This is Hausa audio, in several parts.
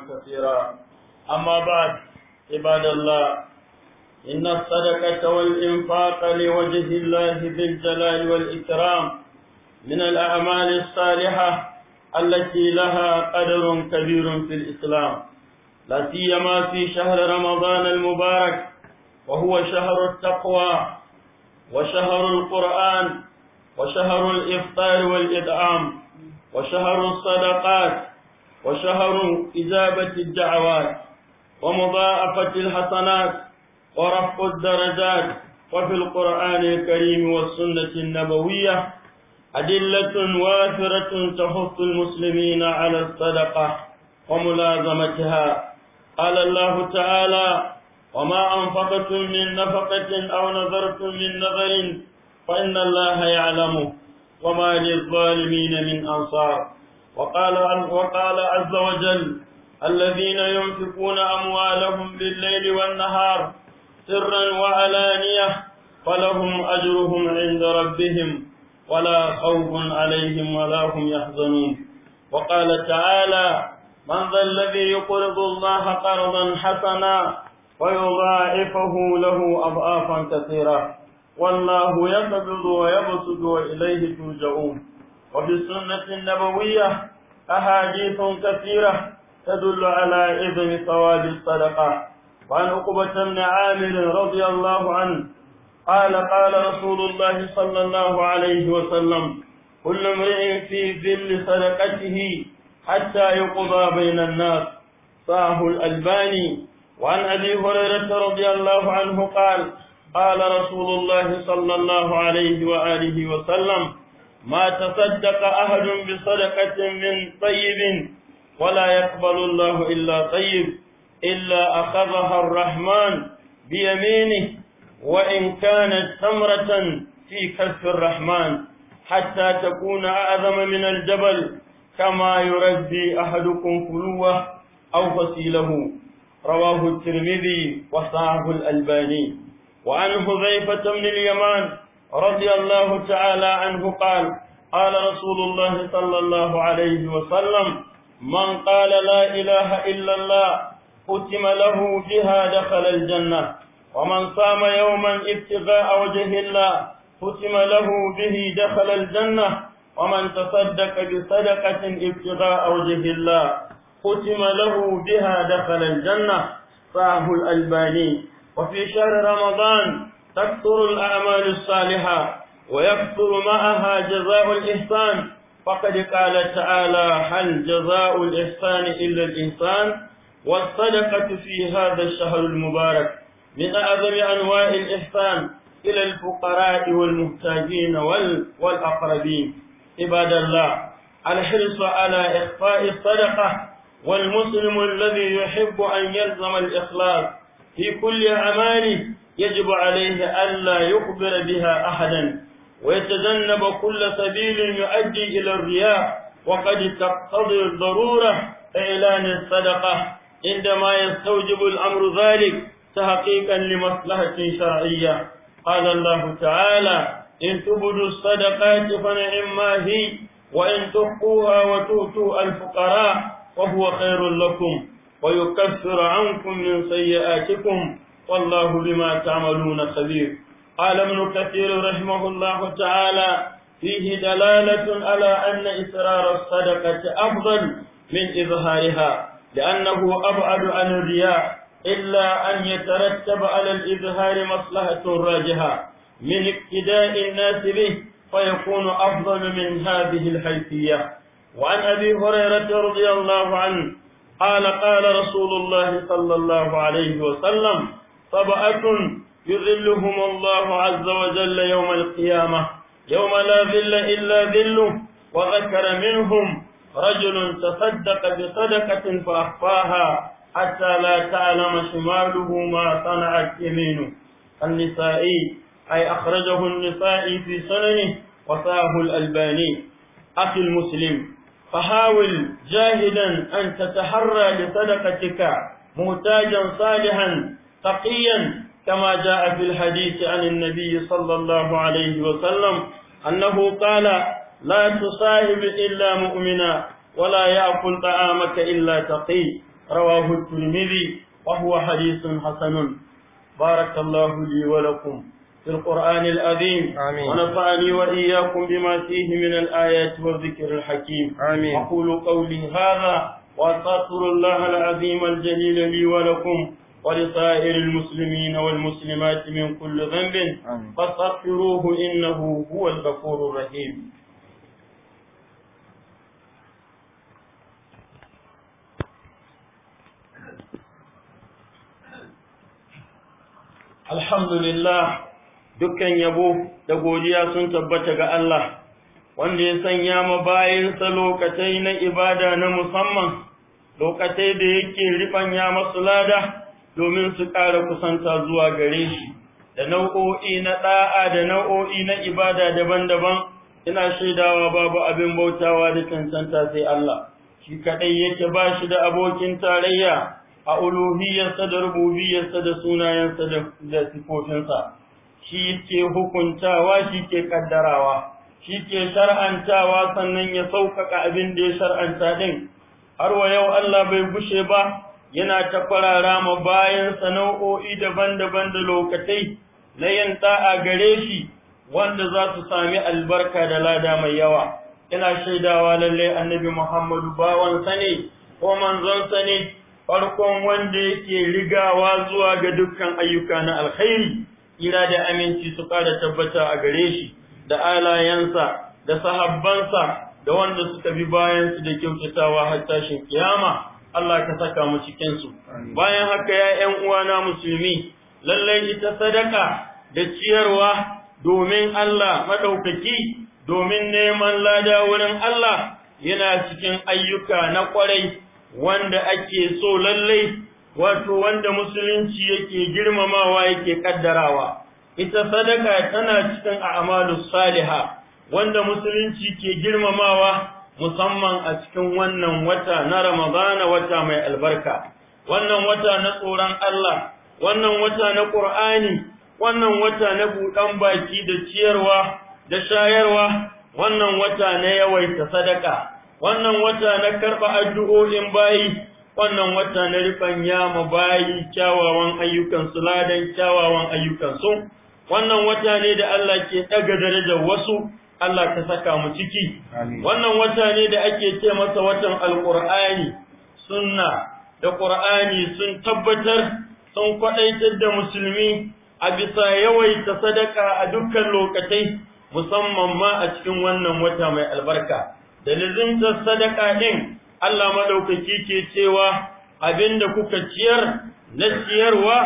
كثيرا أما بعد عباد الله إن الصدقة والإنفاق لوجه الله بالجلال والإكرام من الأعمال الصالحة التي لها قدر كبير في الإسلام لا سيما في شهر رمضان المبارك وهو شهر التقوى وشهر القرآن وشهر الإفطار والإدعام وشهر الصدقات وشهر إجابة الدعوات ومضاعفة الحسنات ورفع الدرجات وفي القرآن الكريم والسنة النبوية أدلة وافرة تحث المسلمين على الصدقة وملازمتها قال الله تعالى وما أنفقتم من نفقة أو نذرتم من نذر فإن الله يعلمه وما للظالمين من أنصار وقال وقال عز وجل الذين ينفقون أموالهم بالليل والنهار سرا وعلانية فلهم أجرهم عند ربهم ولا خوف عليهم ولا هم يحزنون وقال تعالى من ذا الذي يقرض الله قرضا حسنا ويضاعفه له أضعافا كثيرة والله يقبض ويبسط وإليه ترجعون وفي السنة النبوية أحاديث كثيرة تدل على إذن ثواب الصدقة وعن عقبة بن عامر رضي الله عنه قال قال رسول الله صلى الله عليه وسلم كل امرئ في ذل صدقته حتى يقضى بين الناس صاه الألباني وعن أبي هريرة رضي الله عنه قال قال رسول الله صلى الله عليه وآله وسلم ما تصدق أحد بصدقة من طيب ولا يقبل الله إلا طيب إلا أخذها الرحمن بيمينه وإن كانت ثمرة في كف الرحمن حتى تكون أعظم من الجبل كما يربي أحدكم فلوه أو فصيله رواه الترمذي وصاحب الألباني وعن حذيفة بن اليمان رضي الله تعالى عنه قال قال رسول الله صلى الله عليه وسلم من قال لا إله إلا الله ختم له بها دخل الجنة ومن صام يوما ابتغاء وجه الله ختم له به دخل الجنة ومن تصدق بصدقة ابتغاء وجه الله ختم له بها دخل الجنة صاحب الألباني وفي شهر رمضان تكثر الأعمال الصالحة ويكثر معها جزاء الإحسان فقد قال تعالى هل جزاء الإحسان إلا الإحسان والصدقة في هذا الشهر المبارك من أعظم أنواع الإحسان إلى الفقراء والمحتاجين والأقربين عباد الله الحرص على إخفاء الصدقة والمسلم الذي يحب أن يلزم الإخلاص في كل أعماله يجب عليه ألا يخبر بها أحدا ويتجنب كل سبيل يؤدي إلى الرياء وقد تقتضي الضرورة إعلان الصدقة عندما يستوجب الأمر ذلك تحقيقا لمصلحة شرعية قال الله تعالى إن تبدوا الصدقات فنعما هي وإن تخفوها وتؤتوا الفقراء وهو خير لكم ويكفر عنكم من سيئاتكم والله بما تعملون خبير قال ابن كثير رحمه الله تعالى فيه دلالة على أن إسرار الصدقة أفضل من إظهارها لأنه أبعد عن الرياء إلا أن يترتب على الإظهار مصلحة راجحة من اقتداء الناس به فيكون أفضل من هذه الحيثية وعن أبي هريرة رضي الله عنه قال قال رسول الله صلى الله عليه وسلم طبقة يذلهم الله عز وجل يوم القيامة يوم لا ذل إلا ذله وذكر منهم رجل تصدق بصدقة فأخفاها حتى لا تعلم شماله ما صنعت يمينه النسائي أي أخرجه النسائي في سننه وصاه الألباني أخي المسلم فحاول جاهدا أن تتحرى لصدقتك محتاجا صالحا تقيا كما جاء في الحديث عن النبي صلى الله عليه وسلم أنه قال لا تصاحب إلا مؤمنا ولا يأكل طعامك إلا تقي رواه الترمذي وهو حديث حسن بارك الله لي ولكم في القرآن العظيم آمين. ونفعني وإياكم بما فيه من الآيات والذكر الحكيم آمين. أقول قولي هذا وأستغفر الله العظيم الجليل لي ولكم ولطائر المسلمين والمسلمات من كل ذنب فاستغفروه إنه هو الغفور الرحيم Alhamdulillah dukkan yabo da godiya sun tabbata ga Allah wanda ya sanya ma bayansa lokatai na ibada na musamman lokatai da yake ya masu lada domin su ƙara kusanta zuwa gare shi da nau'o'i na ɗa'a da nau'o'i na ibada daban-daban ina shaidawa babu abin bautawa da cancanta sai Allah shi kaɗai yake ba shi da abokin tarayya a uluhiyarsa da rububiyarsa da sunayensa da sifofinsa shi ke hukuntawa shi ke kaddarawa shi ke shar'antawa sannan ya sauƙaƙa abin da ya shar'anta ɗin har wa yau Allah bai bushe ba yana ta farara ma bayan sana'o'i daban-daban da lokatai na yanta a gare shi wanda za su sami albarka da lada mai yawa ina shaidawa lallai annabi Muhammadu bawan ne ko manzon ne farkon wanda yake rigawa zuwa ga dukkan ayyuka na alkhairi ira da aminci su ƙara tabbata a gare shi da alayensa da sahabbansa da wanda suka bi bayan su da kyautatawa har tashin kiyama Allah ka saka mu cikin su bayan haka ya ƴan uwana musulmi lallai ita sadaka da ciyarwa domin Allah maɗaukaki, domin neman lada wurin Allah yana cikin ayyuka na kwarai wanda ake so lallai wato wanda musulunci yake girmamawa yake ƙaddarawa. ita sadaka tana cikin a'malus saliha, wanda musulunci ke girmamawa musamman a cikin wannan wata na Ramadana wata mai albarka, wannan wata na tsoron Allah, wannan wata na Ƙur'ani, wannan wata na buɗan baki da ciyarwa da shayarwa, wannan wata na yawaita sadaka, wannan wata na karɓa addu'o'in bayi, wannan wata na ya ma bayi kyawawan ayyukansu ladan kyawawan ayyukansu, wannan wata ne da Allah ke ɗaga darajar wasu. Allah ta saka mu ciki wannan wata ne da ake ce masa watan alqur'ani sunna da qur'ani sun tabbatar sun kwaɗaitar da musulmi a bisa yawaita sadaka a dukkan lokacin musamman ma a cikin wannan wata mai albarka da ta sadaka din Allah madaukaki ke cewa abinda kuka ciyar na ciyarwa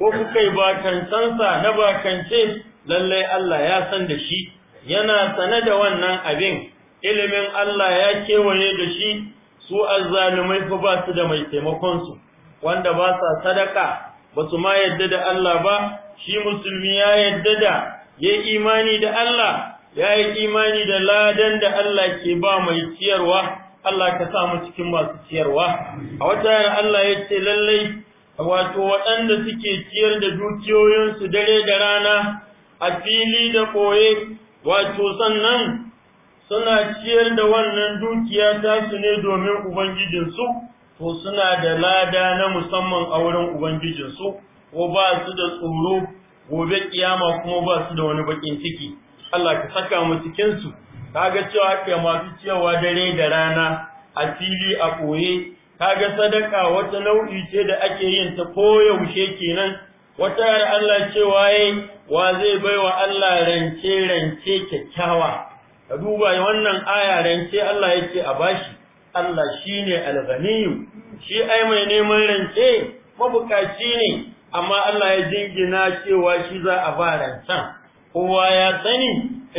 ko kuka yi bakancansa na bakance lallai Allah ya san da shi yana sane da wannan abin ilimin Allah ya kewaye da shi su azzalumai fa ba su da mai taimakon su wanda ba sa sadaka ba su ma yadda da Allah ba shi musulmi ya yadda da ya imani da Allah ya yi imani da ladan da Allah ke ba mai ciyarwa Allah ka sa mu cikin masu ciyarwa a wata yana Allah ya ce lallai wato waɗanda suke ciyar da dukiyoyinsu dare da rana a fili da koye wato sannan suna ciyar da wannan dukiya su ne domin ubangijinsu to suna da lada na musamman a wurin ubangijinsu ko ba su da tsoro gobe kiyama kuma ba su da wani bakin ciki Allah ka saka mu cikinsu ta ga cewa ke masu cewa dare da rana a fili a koye ga sadaka wata nau'i ce da ake yin ta koyaushe kenan wata yar Allah ce waye wa zai baiwa Allah rance rance kyakkyawa ka duba wannan aya rance Allah yake a bashi Allah shine al-ghaniyu shi ai mai neman rance mabukaci ne amma Allah ya jingina cewa shi za a ba rancen kowa ya sani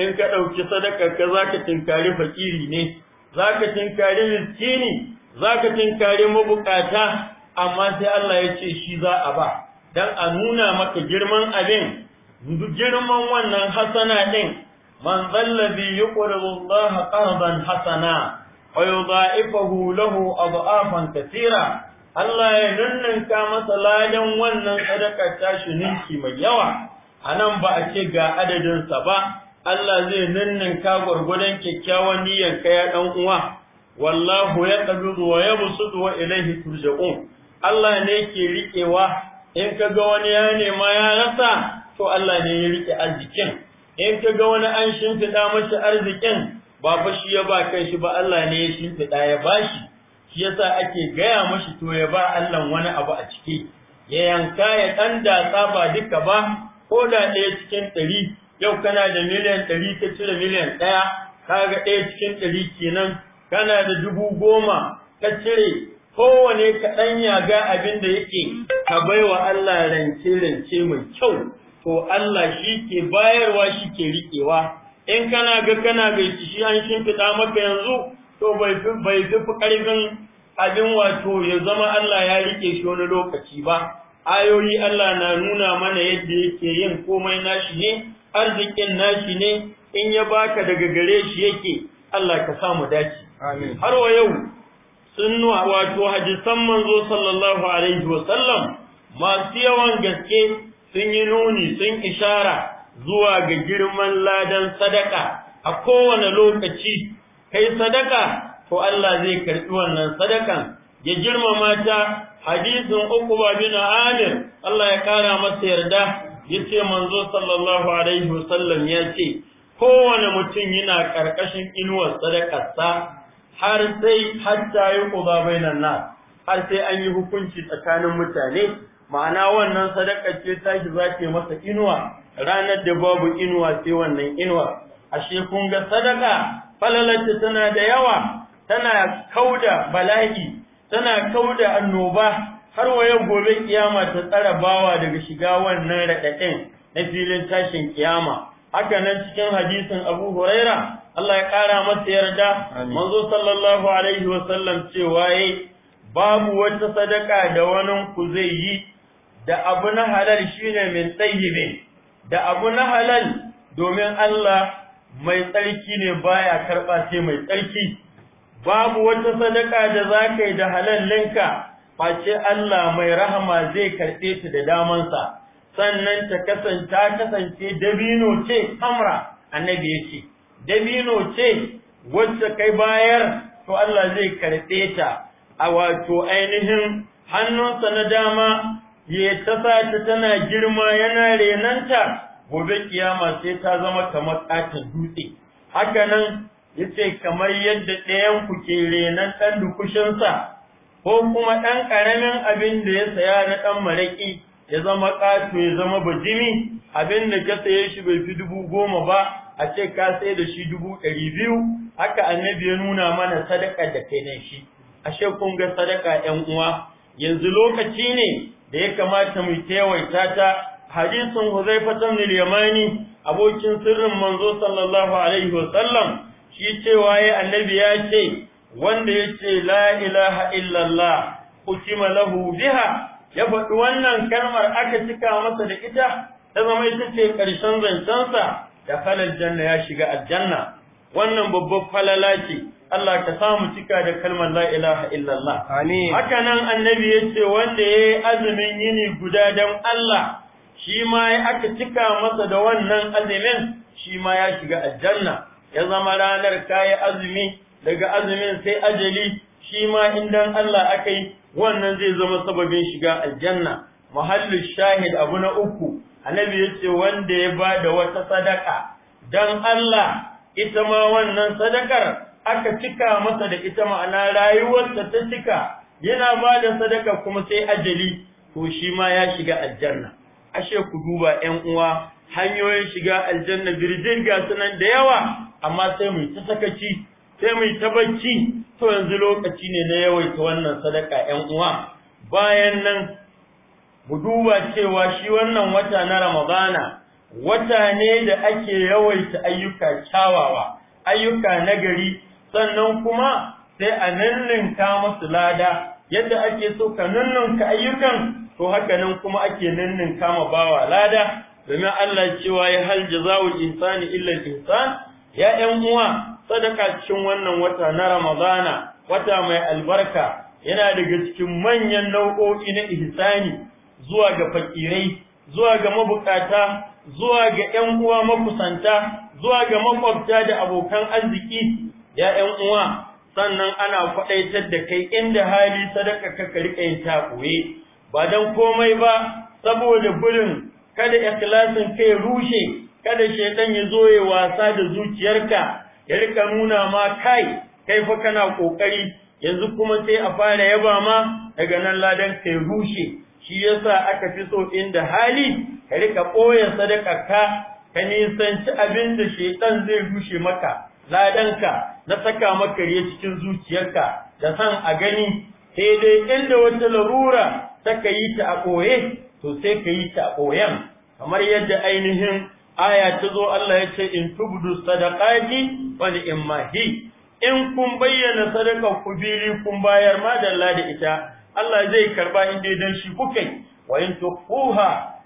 in ka ɗauki sadaka ka za ka tinkari fakiri ne za ka tinkari miskini za ka tinkari mabukata amma sai Allah ya ce shi za a ba dan a nuna maka girman abin girman wannan hasana din man zallabi yuqridu Allah qardan hasana wa yudha'ifahu lahu adhafan katira Allah ya ka masa ladan wannan sadakar tashi ninki mai yawa A nan ba a ce ga adadinsa ba Allah zai ka gwargwadon kyakkyawan niyyar ka ya dan uwa wallahu yaqbidu wa yabsutu wa ilayhi turja'un Allah ne ke riƙewa in ka ga wani ya nema ya rasa to Allah ne ya rike arzikin in ka ga wani an shimfiɗa mashi arzikin ba fa shi ya ba kai shi ba Allah ne ya shimfiɗa ya bashi shi yasa ake gaya mashi to ya ba Allah wani abu a ciki ya yanka ya ɗan dasa, ba duka ba ko da ɗaya cikin ɗari yau kana da miliyan ɗari ta cire miliyan ɗaya ga ɗaya cikin ɗari kenan kana da dubu goma ka cire kowane kaɗan ga abin da yake ka baiwa Allah rance rance mai kyau to Allah shi ke bayarwa shi ke riƙewa in kana ga kana ga shi an shimfiɗa maka yanzu to bai fi bai fi ƙarfin abin wato ya zama Allah ya riƙe shi wani lokaci ba ayoyi Allah na nuna mana yadda yake yin komai nashi ne arzikin nashi ne in ya baka daga gare shi yake Allah ka samu dace har wa yau Sun nuna wato hadisan manzo sallallahu alaihi wasallam masu yawan gaske sun yi nuni sun ishara zuwa ga girman ladan sadaka a kowane lokaci kai sadaka to Allah zai karɓi wannan sadakan ya girmama ta hadisin ba bin Amir Allah ya kara masa yarda yace manzo sallallahu alaihi wasallam yace kowane mutum yana karkashin inuwar sadakarsa har sai har ta yi quba bainan na har sai an yi hukunci tsakanin mutane ma'ana wannan sadaka ce tashi za ta masa inuwa ranar da babu inuwa sai wannan inuwa ashe kun ga sadaka falalata tana da yawa tana kauda bala'i tana kauda annoba har wayan gobe kiyama ta tsara bawa daga shiga wannan raɗaɗin na filin tashin kiyama haka nan cikin hadisin Abu Huraira Allah ya ƙara masa yarda manzo sallallahu alaihi wa sallam cewa yayi babu wata sadaka da wani ku zai yi da abu na halal shine min tayyibin da abu na halal domin Allah mai tsarki ne baya karba sai mai tsarki babu wata sadaka da ka yi da halallinka face Allah mai rahama zai karɓe ta da damansa sannan ta kasance ta kasance dabino ce hamra annabi ya ce dabino ce wacce kai bayar to Allah zai karɓe ta a wato ainihin hannunsa na dama ya ta ta tana girma yana renanta gobe kiyama sai ta zama kamar ƙatin dutse haka nan yace kamar yadda ɗayan ku ke renan ɗan dukushinsa ko kuma ɗan ƙaramin abin da ya saya na ɗan maraƙi ya zama ƙato ya zama bajimi abin da ka saye shi bai fi dubu goma ba a ce ka sai da shi dubu ɗari biyu haka annabi ya nuna mana sadaka da kai nan shi ashe kun ga sadaka ƴan uwa yanzu lokaci ne da ya kamata mu yawaita ta hadisin Huzaifa ibn Yamani abokin sirrin manzo sallallahu alaihi wasallam shi cewa ya annabi ya ce wanda ya ce la ilaha illallah kutima lahu biha ya faɗi wannan kalmar aka cika masa da ita ta zama ita ce ƙarshen zancensa da halal janna ya shiga aljanna wannan babban falala ce Allah ka samu cika da kalmar la ilaha illallah amin haka nan annabi yace wanda yayi azumin yini guda dan Allah shi ma aka cika masa da wannan azumin shi ma ya shiga aljanna ya zama ranar kaya azumi daga azumin sai ajali shi ma in Allah akai wannan zai zama sababin shiga aljanna mahallu shahid abu na uku annabi ce wanda ya ba da wata sadaka dan Allah ita ma wannan sadakar aka cika masa da ita ma'ana rayuwarsa ta cika yana ba da sadaka kuma sai ajali to shi ma ya shiga aljanna ashe ku duba 'yan uwa hanyoyin shiga aljanna birjin ga sunan da yawa amma sai mu ta sakaci sai mu ta bacci to yanzu lokaci ne na yawaita wannan sadaka 'yan uwa bayan nan mu duba cewa shi wannan wata na Ramadana wata ne da ake yawaita ayyuka kyawawa ayyuka nagari sannan kuma sai a ninninka musu lada yadda ake so ka ninninka ayyukan to haka nan kuma ake ninninka ma bawa lada domin Allah cewa ya hal jazawul insani illa insan ya uwa sadaka cikin wannan wata na Ramadana wata mai albarka yana daga cikin manyan nau'o'i na ihsani zuwa ga fakirai zuwa ga mabukata zuwa ga ƴan uwa makusanta zuwa ga makwabta da abokan arziki ya ƴan uwa sannan ana faɗaitar da kai inda hali sadaka ka karɓe ta koye, ba dan komai ba saboda gurin kada ikhlasin kai rushe kada shedan ya zo ya wasa da zuciyarka ya rika nuna ma kai kai fa kana kokari yanzu kuma sai a fara yaba ma daga nan ladan kai rushe shi yasa aka fi so inda hali ka rika ɓoye sadakarka ka nisanci abin da shaitan zai rushe maka ladanka na saka maka riya cikin zuciyarka da san a gani sai dai inda wata larura ta ka yi ta a ɓoye to sai ka yi ta a ɓoyen kamar yadda ainihin aya ta zo Allah ya ce in tubdu sadaqati wa mahi in kun bayyana sadakar ku kun bayar ma da ita Allah zai karba in dai dan shi kuke wa in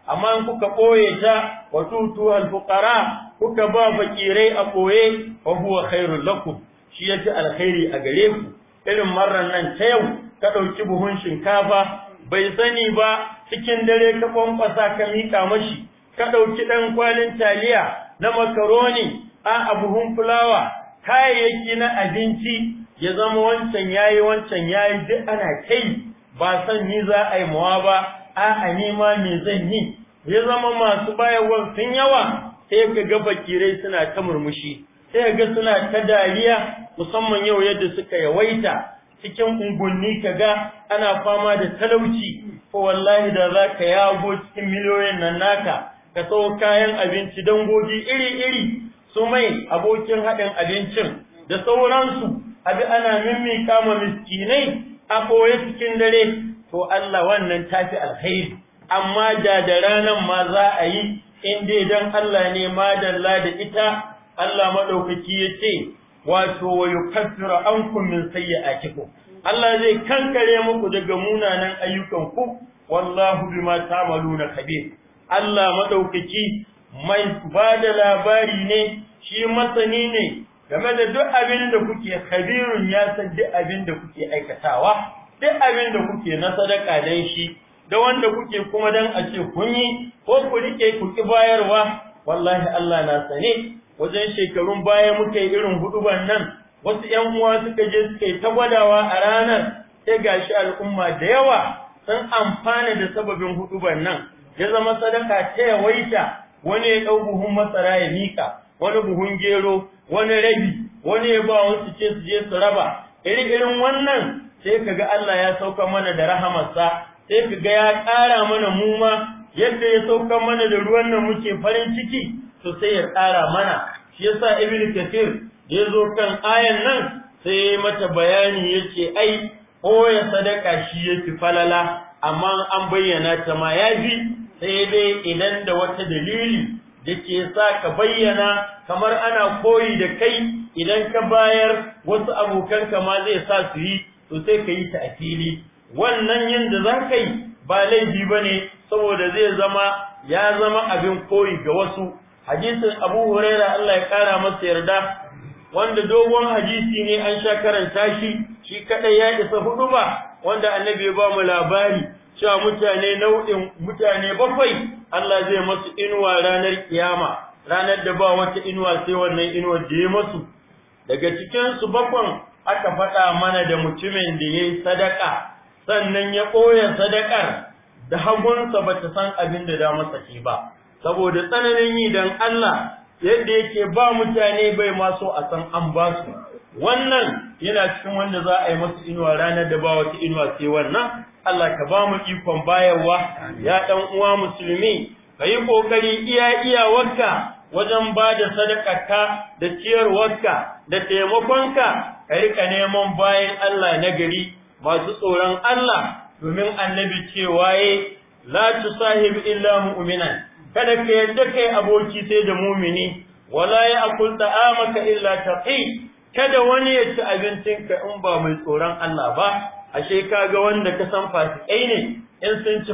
amma in kuka boye ta wa tutu al fuqara kuka ba fakirai a boye fa huwa khairul lakum shi yafi alkhairi a gare ku irin marran nan ta yau ka dauki buhun shinkafa bai sani ba cikin dare ka kwankwasa ka mika mashi ka dauki dan kwalin taliya na makaroni a buhun fulawa kayayyaki na abinci ya zama wancan yayi wancan yayi duk ana kai ba san ni za a yi mawa ba a'a ni ma me zan yi ya zama masu bayarwar sun yawa sai ka ga Bakirai suna ta murmushi sai ga suna ta dariya musamman yau yadda suka yawaita cikin ungunni ga? ana fama da talauci ko wallahi da za ka yago cikin miliyoyin nan naka ka tsawo kayan abinci dangogi iri-iri su mai abokin haɗin abincin da sauransu abi ana mimmi ma miskinai a cikin dare to Allah wannan tafi alkhairi amma da da ranan ma za a yi in dai dan Allah ne ma dalla da ita Allah madaukaki yace wato wa yukaffiru ankum min sayyi'atikum Allah zai kankare muku daga munanan ayyukan ku wallahu bima ta'maluna khabir Allah madaukaki mai bada labari ne shi masani ne game da duk abin da kuke khabirun ya san duk abin da kuke aikatawa duk abin da kuke na sadaka dan shi da wanda kuke kuma dan a ce kun yi ko ku rike ku ki bayarwa wallahi Allah na sane wajen shekarun baya muke irin huduban nan wasu ƴan uwa suka je suka yi ta gwadawa a ranar sai gashi al'umma da yawa sun amfana da sababin huduban nan ya zama sadaka ta yawaita wani ya ɗau buhun masara ya mika wani buhun gero wani rabi wani ya ba wasu ce su je su raba iri irin wannan sai ga Allah ya sauka mana da rahamarsa sai kaga ya ƙara mana mu ma yadda ya sauka mana da ruwan nan muke farin ciki to sai ya ƙara mana shi yasa Ibn Kathir ya zo kan ayan nan sai mata bayani yace ai ya sadaka shi yake falala amma an bayyana ta ma yafi sai dai idan da wata dalili Dake sa ka bayyana kamar ana koyi da kai idan ka bayar wasu abokan ka ma zai sa su yi to sai ka yi ta a fili wannan yadda za ka yi ba laifi ba ne saboda zai zama ya zama abin koyi ga wasu hadisin abu huraira Allah ya kara masa yarda wanda dogon hadisi ne an sha karanta shi shi kaɗai ya isa hudu ba wanda annabi ya ba mu labari cewa mutane nau'in mutane bakwai Allah zai masu inuwa ranar kiyama ranar da ba wata inuwa sai wannan inuwa da ya masu daga cikin su bakwan aka faɗa mana da mutumin da ya yi sadaka sannan ya ɓoye sadakar da hagunsa ba ta san abin da da masa shi ba saboda tsananin yi don Allah yadda yake ba mutane bai ma so a san an ba su wannan yana cikin wanda za a yi masu inuwa ranar da ba wata inuwa sai wannan Allah ka ba mu ikon bayarwa ya dan uwa musulmi ka yi kokari iya iya iyawarka wajen ba da ka da ciyarwarka da taimakonka ka rika neman bayan Allah na gari masu tsoron Allah domin annabi cewa ye la tusahib illa mu'minan kada ka yadda kai aboki sai da mumini wala ya akul ta'amaka illa taqi kada wani ya ci abincin ka in ba mai tsoron Allah ba ashe ka ga wanda ka san fasikai ne in sun ci su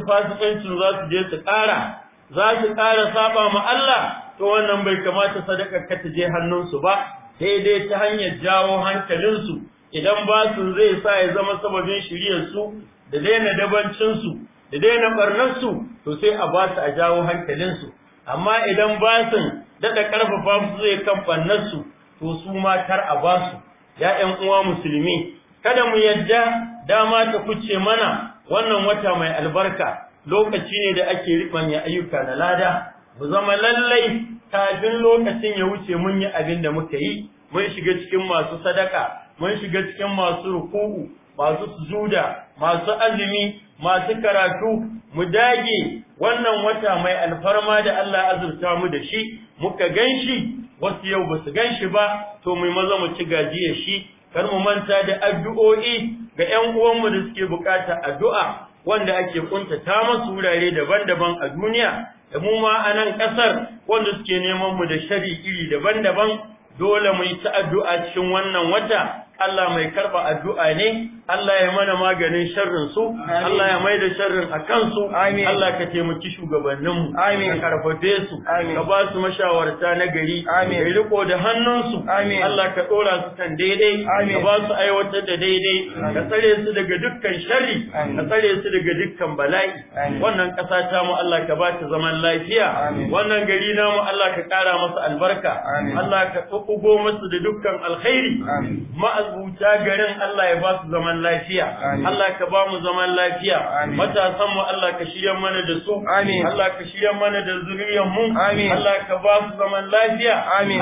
za su je su ƙara za su ƙara saba ma Allah to wannan bai kamata sadaka ka ta je hannunsu ba sai dai ta hanyar jawo hankalinsu idan ba su zai sa ya zama sababin shiryarsu da daina dabancinsu da daina barnarsu to sai a ba su a jawo hankalinsu amma idan ba sun daɗa ƙarfafa su zai kan barnarsu to su ma a ba su ya uwa musulmi kada mu yadda dama ta kuce mana wannan wata mai albarka lokaci ne da ake ribanya ayyuka na lada mu zama lallai kafin lokacin ya wuce mun yi abin da muka yi mun shiga cikin masu sadaka mun shiga cikin masu ruku'u masu sujuda masu azumi masu karatu mu dage wannan wata mai alfarma da Allah azurta mu da shi muka ganshi wasu yau ba su gan shi ba to mu maza mu ci gajiya shi kar mu manta da addu'o'i ga ƴan uwanmu da suke bukata addu'a wanda ake ta masu wurare daban-daban a duniya da mu ma a nan ƙasar wanda suke neman mu da shari iri daban-daban dole mu yi ta addu'a cikin wannan wata Allah mai karba addu'a ne, Allah ya mana maganin sharrin su, Allah ya mai da sharrin a kansu, Allah ka taimaki shugabanninmu, ka karfafe su, ka ba su mashawarta na gari, ka riko da hannunsu, Allah ka ɗora su kan daidai, ka ba su aiwatar da daidai, ka tsare su daga dukkan sharri, ka tsare su daga dukkan bala'i. Wannan ƙasa ta mu Allah ka ba ta zaman lafiya, wannan gari namu Allah ka ƙara masa albarka, Allah ka ɗugo masu da dukkan alkhairi. ma'abuta garin Allah ya ba su zaman lafiya Allah ka ba mu zaman lafiya matasan mu Allah ka shirya mana da su Allah ka shirya mana da zuriyar mu Allah ka ba zaman lafiya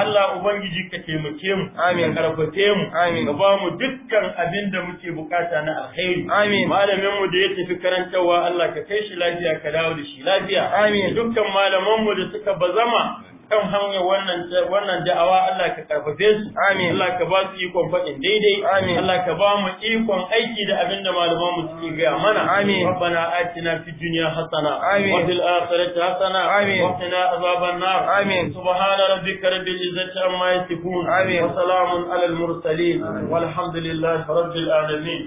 Allah ubangiji ka taimake mu ka karfafe mu ka ba mu dukkan abin da muke bukata na alheri malamin mu da ya tafi karantarwa Allah ka kai shi lafiya ka dawo da shi lafiya dukkan malaman mu da suka bazama kan hanya wannan wannan da'awa Allah ka karfafe su amin Allah ka ba su ikon faɗin daidai amin Allah ka ba mu ikon aiki da abinda malaman mu suke gaya mana amin rabbana atina fi dunya hasana amin wa fil akhirati hasana amin wa qina azaban nar amin subhana rabbika rabbil izzati amma yasifun amin wa salamun alal mursalin walhamdulillahi rabbil alamin